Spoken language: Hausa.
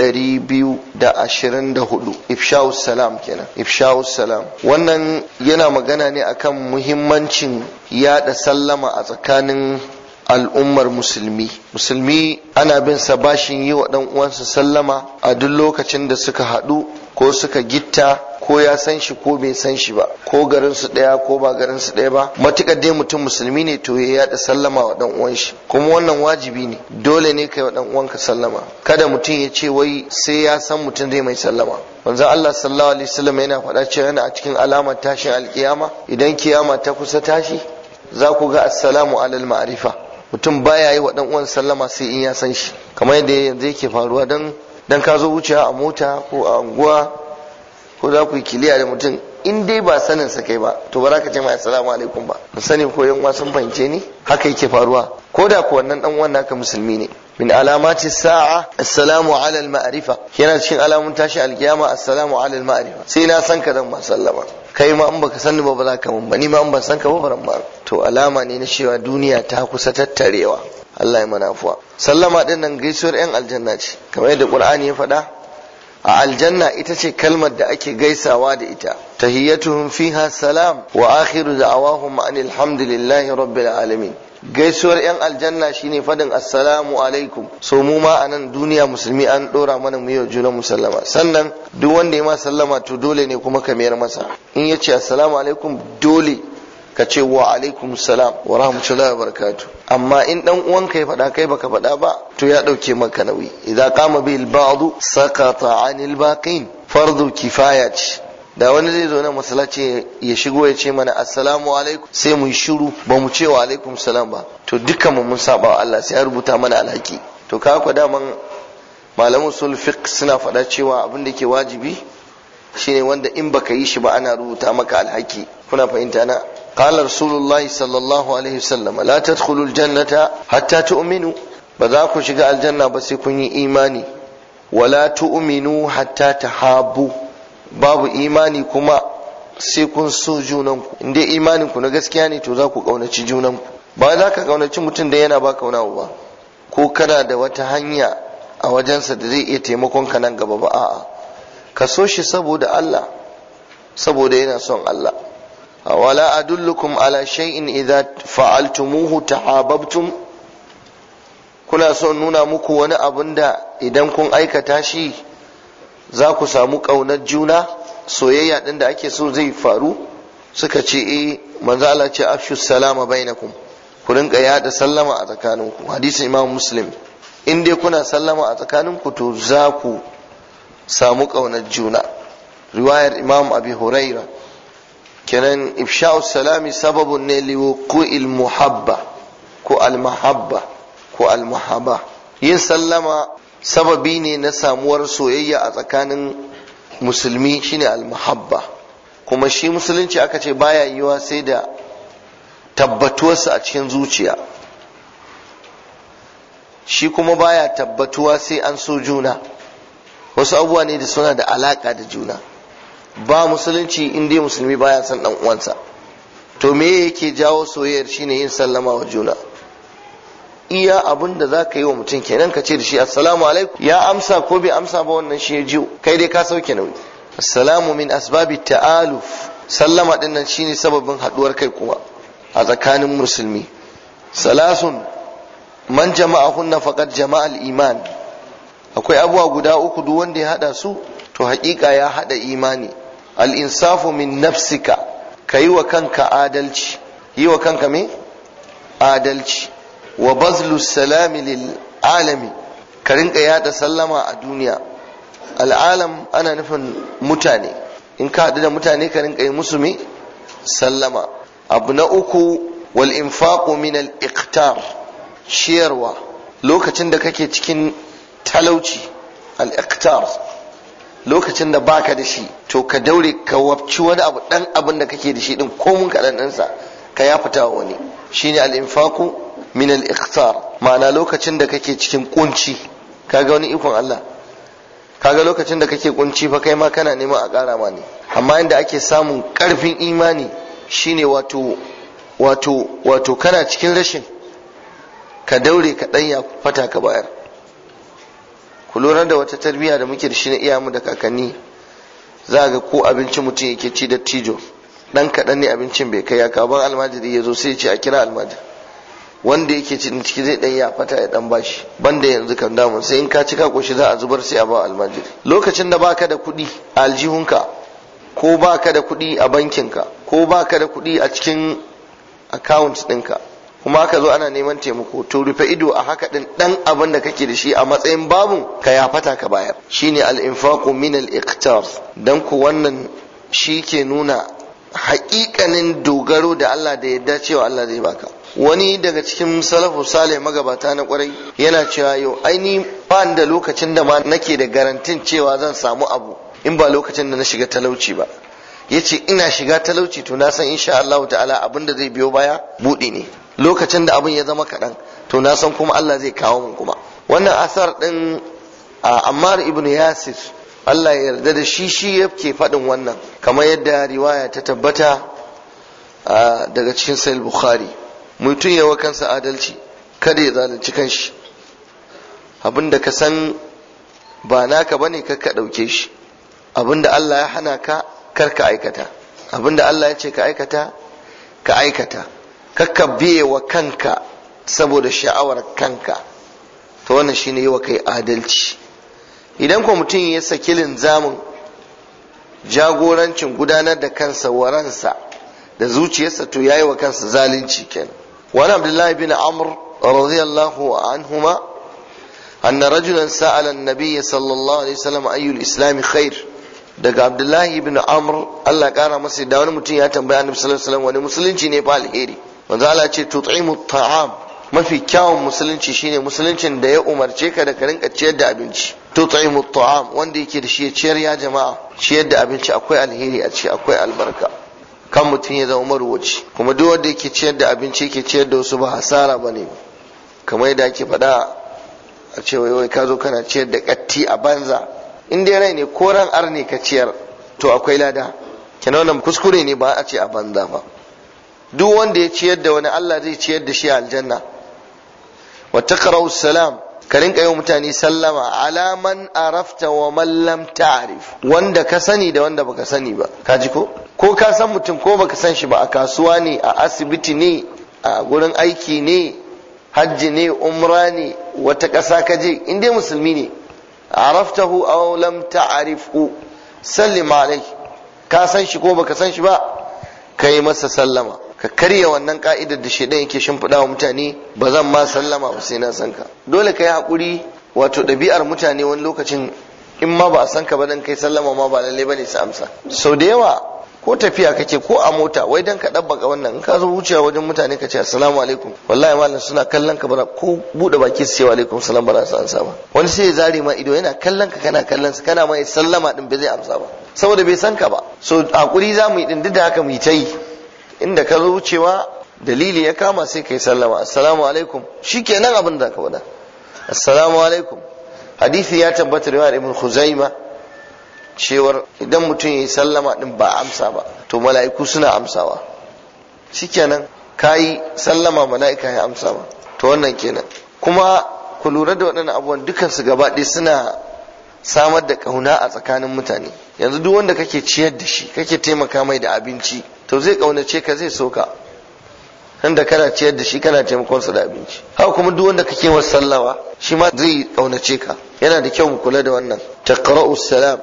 224 ifsha'us salam kenan ifsha'us salam wannan yana magana ne akan muhimmancin yada sallama a tsakanin al'ummar musulmi musulmi ana bin sa bashin yi wa dan uwansa sallama a duk lokacin da suka haɗu ko suka gitta ko ya san shi ko bai san shi ba ko garin su daya ko ba garin su daya ba matukar dai mutum musulmi ne to ya yada sallama wa dan uwan shi kuma wannan wajibi ne dole ne kai wa dan uwanka sallama kada mutum ya ce wai sai ya san mutum zai mai sallama manzo Allah sallallahu alaihi wasallam yana faɗa cewa yana a cikin alamar tashin alkiyama idan kiyama ta kusa tashi za ku ga assalamu alal ma'rifa mutum baya yi wa dan uwan sallama sai in ya san shi kamar yadda yanzu yake faruwa dan dan ka zo wucewa a mota ko a unguwa ko za ku yi kiliya da mutum in dai ba sanin sa kai ba to ba za ka ce mai assalamu alaikum ba mun sani ko yan uwa sun fahimce ni haka yake faruwa ko da ku wannan dan uwan naka musulmi ne min alamati sa'a assalamu ala al-ma'rifa yana cikin alamun tashi alkiyama assalamu ala al-ma'rifa sai na san ka dan ma sallama kai ma in baka san ni ba ba za ka mun ba ni ma in ban san ka ba ba to alama ne na cewa duniya ta kusa tattarewa Allah ya mana afuwa sallama din nan gaisuwar yan aljanna ce kamar yadda qur'ani ya faɗa a aljanna ita ce kalmar da ake gaisawa da ita tahiyyatuhum fiha salam wa akhiru da'awahum anil hamdulillahi rabbil alamin gaisuwar 'yan aljanna shine fadin assalamu alaikum so mu ma a nan duniya musulmi an dora mana mu yau juna musallama sannan duk wanda ya ma sallama to dole ne kuma ka mayar masa in ya ce assalamu alaikum dole ka ce wa alaikum salam wa rahmatullahi wa barakatu amma in dan uwanka ya faɗa kai baka faɗa ba to ya ɗauke maka nauyi idza qama bil ba'du sakata anil baqin fardu kifaya ce da wani zai zo na masallaci ya shigo ya ce mana assalamu alaikum sai mu shiru ba mu ce wa alaikum salam ba to dukkan mu mun saba wa Allah sai ya rubuta mana alhaki to ka ku man malamin sul fiqh suna faɗa cewa abin da ke wajibi shine wanda in baka yi shi ba ana rubuta maka alhaki kuna fahimta na Walasa al-sulallahu alaihi salam. Wala takulu jana ta. Hatta tu'uminu. Ba za ku shiga aljanna ba sai kun yi imani. Wala tu'uminu hatta ta habu. Babu imani kuma sai kun so junanku. In da imaninku na gaskiya ne to za ku ƙaunaci junanku. Ba za ka ƙaunaci mutum da yana ba ƙanau ba. Ko kana da wata hanya a wajensa da zai iya taimakon ka nan gaba ba? A'a ka so shi saboda Allah, saboda yana son Allah. wala adullukum ala shay'in idza fa'altumuhu tahabbtum kuna son nuna muku wani abun da idan kun aikata shi za ku samu ƙaunar juna soyayya ɗin da ake so zai faru suka ce eh manzo Allah ce afshu salama bainakum ku rinka yada sallama a tsakaninku hadisin imam muslim in dai kuna sallama a tsakaninku to za ku samu ƙaunar juna riwayar imam abi kenan ifsha'u salami sababu ne li wuqu'il muhabba ko al mahabba ko al muhabba yin sallama sababi ne na samuwar soyayya a tsakanin musulmi shine al kuma shi musulunci aka ce baya yiwa sai da tabbatuwarsa a cikin zuciya shi kuma baya tabbatuwa sai an so juna wasu abubuwa ne da suna da alaka da juna ba musulunci in dai musulmi baya san dan uwansa to me yake jawo soyayyar shine yin sallama wa juna iya abin da za ka yi wa mutum kenan ka ce da shi assalamu alaikum ya amsa ko bai amsa ba wannan shi ya jiyo kai dai ka sauke nauyi assalamu min asbabi ta'aluf sallama din nan shine sababin haduwar kai kuma a tsakanin musulmi salasun man jama'a hunna faqad jama'al iman akwai abuwa guda uku duk wanda ya hada su to hakika ya hada imani al-insafu min nafsika ka yi wa kanka adalci yi wa kanka me adalci wa bazlu salami lil alami ka rinka yada sallama a duniya al'alam ana nufin mutane in ka haɗu da mutane ka rinka yi musu me sallama abu na uku wal infaqu min al iqtar shiyarwa lokacin da kake cikin talauci al iqtar lokacin da baka da shi to ka daure ka wabci wani abu dan abin da kake da shi din komun dan ɗinsa ka ya fita wani shine al-infaku min al ikhtar ma'ana lokacin da kake cikin kunci kaga wani ikon Allah kaga lokacin da kake kunci fa kai ma kana neman a kara ma ne amma inda ake samun karfin imani shine wato wato wato kana cikin rashin ka daure ka ya fata ka bayar ku lura da wata tarbiyya da muke da shi na iyamu da kakanni za ga ko abinci mutum yake ci da tijo dan kaɗan ne abincin bai kai ya kawo ban almajiri ya zo sai ya ce a kira almajiri wanda yake din ciki zai dan ya fata ya dan bashi banda yanzu kan damu sai in ka ci ka koshi za a zubar sai a ba almajiri lokacin da baka da kuɗi a aljihunka ko baka da kuɗi a bankinka ko baka da kuɗi a cikin account ɗinka kuma aka zo ana neman taimako to rufe ido a haka din dan abin da kake da shi a matsayin babu ka yafata ka bayar shine al-infaqu min al-iqtar dan ku wannan shi ke nuna haƙiƙanin dogaro da Allah da yadda cewa Allah zai baka wani daga cikin salafu sale magabata na kwarai yana cewa yau aini ba da lokacin da ma nake da garantin cewa zan samu abu in ba lokacin da na shiga talauci ba yace ina shiga talauci to na san insha Allah ta'ala abin da zai biyo baya budi ne lokacin da abin ya zama kaɗan to na san kuma Allah zai kawo mun kuma wannan asar din Ammar ibn Yasir Allah ya yarda da shi shi yake faɗin wannan kamar yadda riwaya ta tabbata daga cikin sahih Bukhari mutum yawa kansa adalci kada ya zalunci kanshi abin da ka san ba naka bane ka ka ɗauke shi abinda Allah ya hana ka kar aikata abinda Allah ya ce ka aikata ka aikata kakka biye wa kanka saboda sha'awar kanka ta wannan shine yi wa kai adalci idan kuma mutum ya saki linzamin jagorancin gudanar da kansa wa da zuciyarsa to yayi wa kansa zalunci kenan wani abdullahi bin amr radiyallahu anhuma anna rajulan sa'ala an-nabiy sallallahu alaihi wasallam ayyul islam khair daga abdullahi ibn amr Allah kara masa da wani mutum ya tambaya annabi sallallahu alaihi wasallam wani musulunci ne fa alheri manzo Allah ce tut'imu ta'am mafi kyawun musulunci shine musuluncin da ya umarce ka da ka rinka ciyar da abinci tut'imu ta'am wanda yake da shi ya ciyar ya jama'a ciyar da abinci akwai alheri a ciki akwai albarka kan mutum ya zama marwaci kuma duk wanda yake ciyar da abinci yake ciyar da wasu ba hasara bane kamar yadda ake faɗa a cewa wai ka kana ciyar da katti a banza in dai rai ne ko ran ar ne ka ciyar to akwai lada kina wannan kuskure ne ba a ce a banza ba duk wanda ya ciyar da wani Allah zai ciyar da shi a aljanna wa taqra'u salam ka rinka yi mutane sallama alaman arafta wa mallam ta'rif wanda ka sani da wanda baka sani ba ka ji ko ko ka san mutum ko baka san shi ba a kasuwa ne a asibiti ne a gurin aiki ne hajji ne umra ne wata ƙasa ka je in dai musulmi ne araftahu aw lam ta'rifhu sallim alai ka san shi ko baka san shi ba kai masa sallama ka karya wannan ka'idar da shedan yake shimfiɗa wa mutane ba zan ma sallama ba sai na san ka dole ka hakuri wato ɗabi'ar mutane wani lokacin in ma ba a san ka ba dan kai sallama ma ba lalle bane su amsa sau da yawa ko tafiya kake ko a mota wai dan ka dabbaka wannan in ka zo wucewa wajen mutane ka ce assalamu alaikum wallahi malam suna kallon ka bana ko bude baki su ce wa alaikum salam bana su ansa ba wani sai ya zare ma ido yana kallon ka kana kallon sa kana mai sallama din bai zai amsa ba saboda bai san ka ba so hakuri za mu yi din duk da haka mu yi ta yi inda ka zo wucewa dalili ya kama sai kai sallama assalamu alaikum shikenan abin da ka bada. assalamu alaikum hadisi ya tabbata riwayar ibn khuzaima cewar idan mutum ya yi sallama din ba amsa ba to mala'iku suna amsawa shikenan kayi sallama mala'ika ya amsa ba to wannan kenan kuma ku lura da waɗannan abubuwan dukkan su gaba ɗaya suna samar da ƙauna a tsakanin mutane yanzu duk wanda kake ciyar da shi kake taimaka mai da abinci to zai ƙaunace ka zai so ka da kana ciyar da shi kana taimakon sa da abinci haka kuma duk wanda kake wa sallawa shi ma zai kaunace ka yana da kyau mu kula da wannan taqra'u salam